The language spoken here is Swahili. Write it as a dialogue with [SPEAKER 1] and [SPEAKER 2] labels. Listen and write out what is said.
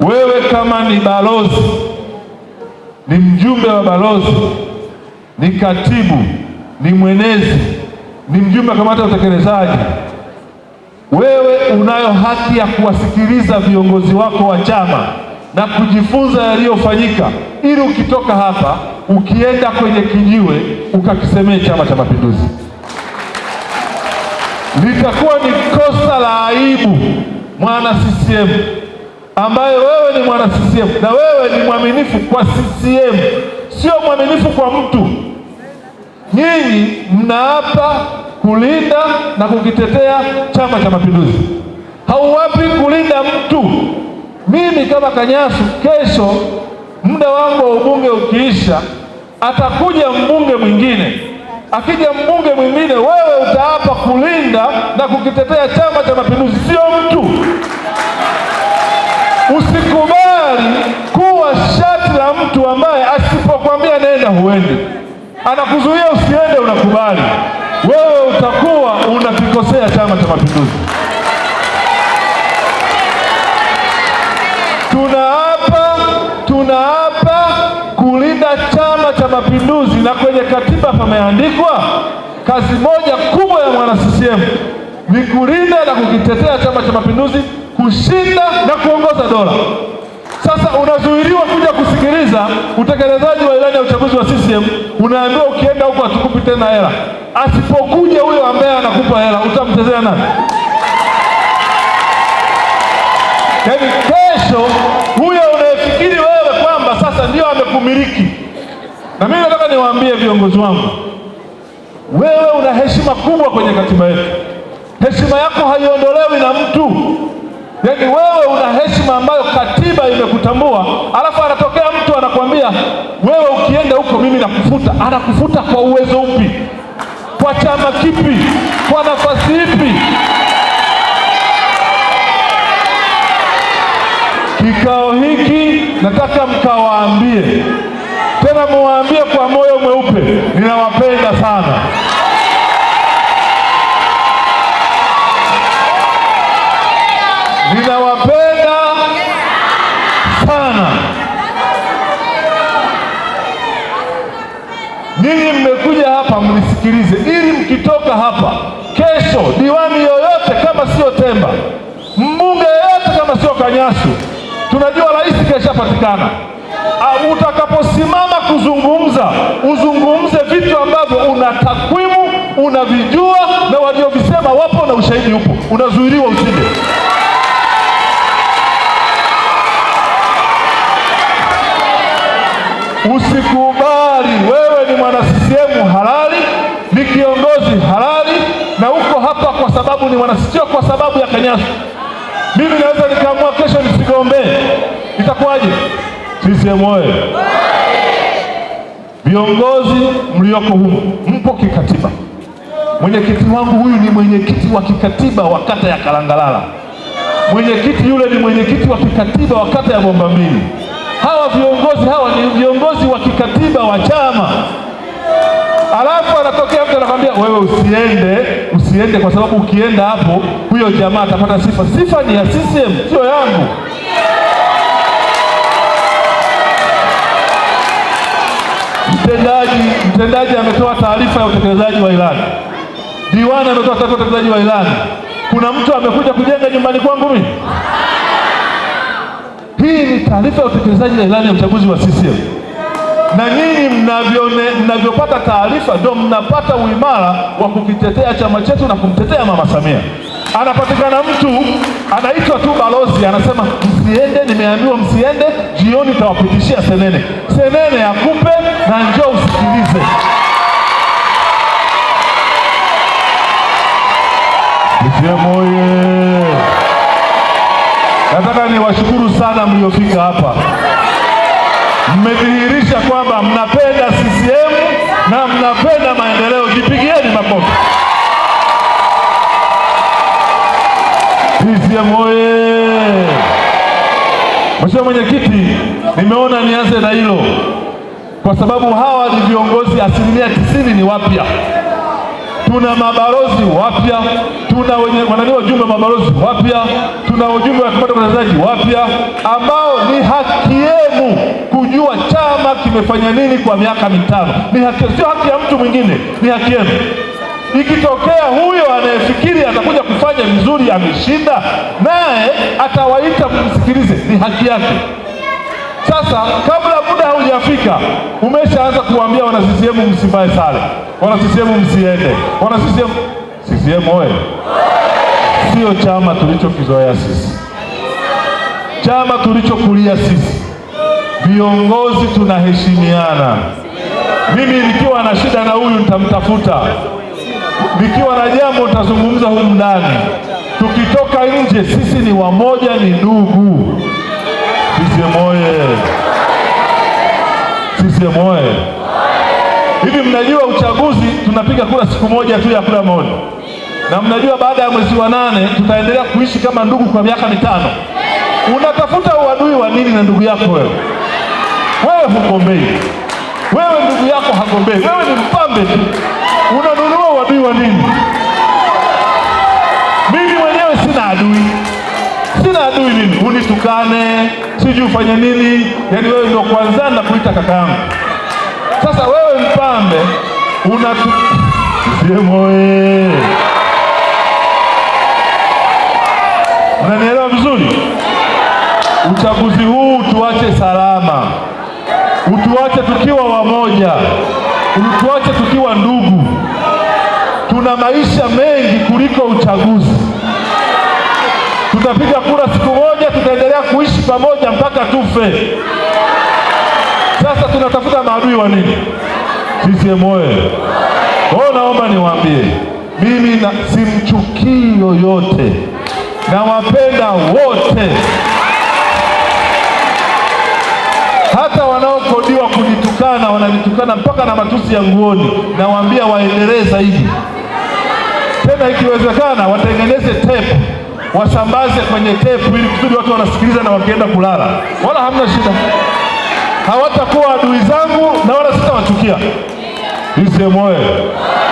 [SPEAKER 1] Wewe kama ni balozi, ni mjumbe wa balozi, ni katibu, ni mwenezi, ni mjumbe wa kamati ya utekelezaji, wewe unayo haki ya kuwasikiliza viongozi wako wa chama na kujifunza yaliyofanyika, ili ukitoka hapa ukienda kwenye kijiwe ukakisemee Chama cha Mapinduzi. Litakuwa ni kosa la aibu mwana CCM ambaye wewe ni mwana CCM na wewe ni mwaminifu kwa CCM, sio mwaminifu kwa mtu. Nyinyi mnaapa kulinda na kukitetea Chama cha Mapinduzi, hauwapi kulinda mtu. Mimi kama Kanyasu, kesho muda wangu wa ubunge ukiisha, atakuja mbunge mwingine. Akija mbunge mwingine, wewe utaapa kulinda na kukitetea Chama cha Mapinduzi. uende, anakuzuia usiende, unakubali wewe, utakuwa unakikosea Chama cha Mapinduzi. Tunaapa, tunaapa kulinda Chama cha Mapinduzi, na kwenye katiba pameandikwa kazi moja kubwa ya mwana CCM ni kulinda na kukitetea Chama cha Mapinduzi, kushinda na kuongoza dola. Sasa unazuiliwa kuja kusikiliza utekelezaji wa ilani ya uchaguzi wa CCM, unaambiwa ukienda huko hatukupi tena hela. Asipokuja huyo ambaye anakupa hela, utamchezea nani? Yaani kesho huyo unayefikiri wewe kwamba sasa ndio amekumiliki. Na mimi nataka niwaambie viongozi wangu, wewe una heshima kubwa kwenye katiba yetu. Heshima yako haiondolewi na mtu yaani wewe una heshima ambayo katiba imekutambua, alafu anatokea mtu anakwambia wewe ukienda huko mimi nakufuta. Anakufuta kwa uwezo upi? Kwa chama kipi? Kwa nafasi ipi? Kikao hiki nataka mkawaambie tena, muwaambie kwa moyo mweupe, ninawapenda sana. msikilize, ili mkitoka hapa kesho, diwani yoyote kama sio Temba, mbunge yoyote kama sio Kanyasu, tunajua rais keshapatikana. Utakaposimama kuzungumza, uzungumze vitu ambavyo una takwimu unavijua, na waliovisema wapo na ushahidi upo, unazuiliwa usije Usikubali, wewe ni mwana kiongozi halali, na uko hapa kwa sababu ni mwana, sio kwa sababu ya kanyasu. Mimi naweza nikaamua kesho nisigombee, itakuwaje? CCM oye! Viongozi mlioko humu mpo kikatiba. Mwenyekiti wangu huyu ni mwenyekiti wa kikatiba wa kata ya Kalangalala, mwenyekiti yule ni mwenyekiti wa kikatiba wa kata ya Bomba Mbili. Hawa viongozi hawa ni viongozi wa kikatiba wa chama. Alafu anatokea mtu anakwambia wewe usiende, usiende kwa sababu ukienda hapo huyo jamaa atapata sifa. Sifa ni ya CCM, sio yangu. Mtendaji, mtendaji ametoa taarifa ya utekelezaji wa ilani, diwani ametoa taarifa ya utekelezaji wa ilani. Kuna mtu amekuja kujenga nyumbani kwangu mimi? Hii ni taarifa ya utekelezaji wa ilani ya uchaguzi wa CCM na nyinyi mnavyopata taarifa ndio mnapata uimara wa kukitetea chama chetu na kumtetea Mama Samia. Anapatikana mtu anaitwa tu balozi, anasema msiende, nimeambiwa msiende, jioni tawapitishia senene. Senene akupe na njoo usikilize. Moye, nataka niwashukuru sana mliofika hapa mmedhihirisha kwamba mnapenda CCM na mnapenda maendeleo. Jipigieni makofi. CCM oye! Mheshimiwa Mwenyekiti, nimeona nianze na hilo kwa sababu hawa ni viongozi asilimia tisini ni wapya tuna mabalozi wapya, tuna wanani wajumbe mabalozi wapya, tuna wajumbe wa kipato watangazaji wapya, ambao ni haki yenu kujua chama kimefanya nini kwa miaka mitano. Ni haki, sio haki ya mtu mwingine, ni haki yenu. Ikitokea huyo anayefikiri atakuja kufanya vizuri ameshinda, naye atawaita mmsikilize ni haki yake. Sasa kabla muda haujafika umeshaanza CCM msivae sare, wana CCM msiende, wana CCM. CCM oye! Sio chama tulichokizoea sisi, chama tulichokulia sisi, viongozi tunaheshimiana. Mimi nikiwa na shida na huyu nitamtafuta, nikiwa na jambo nitazungumza humu ndani, tukitoka nje sisi ni wamoja, ni ndugu. CCM oye! hivi mnajua uchaguzi tunapiga kura siku moja tu ya kura moja, na mnajua baada ya mwezi wa nane tutaendelea kuishi kama ndugu kwa miaka mitano. Unatafuta uadui wa nini na ndugu yako wewe? Wewe hugombei, wewe ndugu yako hagombei, wewe ni mpambe tu, unanunua uadui wa nini? Mimi mwenyewe sina adui, sina adui nini, unitukane sijui ufanye nini? Yaani wewe ndio kwanza na kuita kaka yangu sasa wewe mpambe unatu Unanielewa vizuri? Uchaguzi huu tuache salama, utuache tukiwa wamoja, utuache tukiwa ndugu. Tuna maisha mengi kuliko uchaguzi. Tutapiga kura siku moja, tutaendelea kuishi pamoja mpaka tufe sasa tunatafuta maadui wa nini? CCM oye! Oh, naomba niwaambie, mimi na simchukii yoyote, nawapenda wote, hata wanaokodiwa kunitukana wananitukana mpaka na matusi ya nguoni, nawaambia waendelee zaidi, tena ikiwezekana watengeneze tepu wasambaze kwenye tepu ili kusudi watu wanasikiliza na wakienda kulala, wala hamna shida hawatakuwa adui zangu na wala sitawachukia. Sisiemu oye!